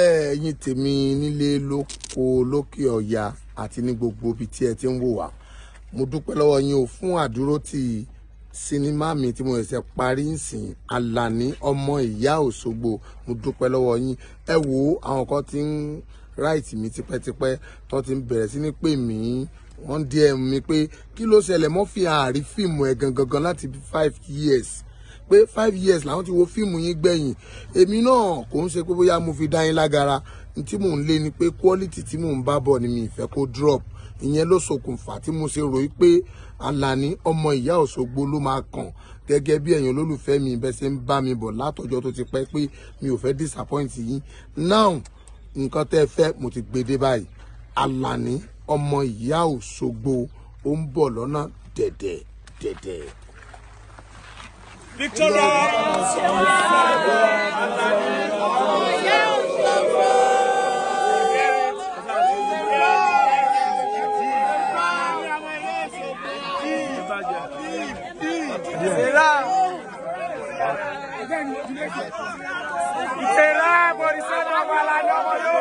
ẹ̀yin tèmi nílé lóko lókè ọ̀yà àti ní gbogbo ibi tí ẹ ti ń wò wá mo dúpẹ́ lọ́wọ́ yín o fún àdúrótì sinimá mi tí mo ṣẹ̀ṣẹ̀ parí ń sìn Alani ọmọ ìyá Òṣogbo mo dúpẹ́ lọ́wọ́ yín ẹ wo àwọn kan ti ń ráìtì mi tipẹ́tipẹ́ tó ti ń bẹ̀rẹ̀ sí ní pè mí wọ́n dm mi pé kí ló ṣẹlẹ̀ mọ́ fi àárí fíìmù ẹ̀ gangan láti five years pé five years làwọn ti wo fíìmù yín gbẹ̀yìn èmi náà kò ń ṣe pé bóyá mo fi dá yín lágara tí mò ń lé ni pé quality tí mò ń bá bọ̀ ni mi ìfẹ́ kó drop ìyẹn ló ṣokùnfà tí mo ṣe rò í pé Alani ọmọ ìyá Òṣogbo ló máa kàn gẹ́gẹ́ bí ẹ̀yin olólùfẹ́ mi bẹ́ẹ̀ ṣe ń bá mi bọ̀ látọjọ́ tó ti pẹ́ pé mi ò fẹ́ disappoint yín now nǹkan tẹ́ fẹ́ mo ti gbé báyìí Alani ọmọ ìyá Òṣogbo ó ń bọ̀ lọ́nà dẹ̀dẹ̀ dẹ̀dẹ̀. Victoria! Será? Será, Borisana, vai lá, meu amor.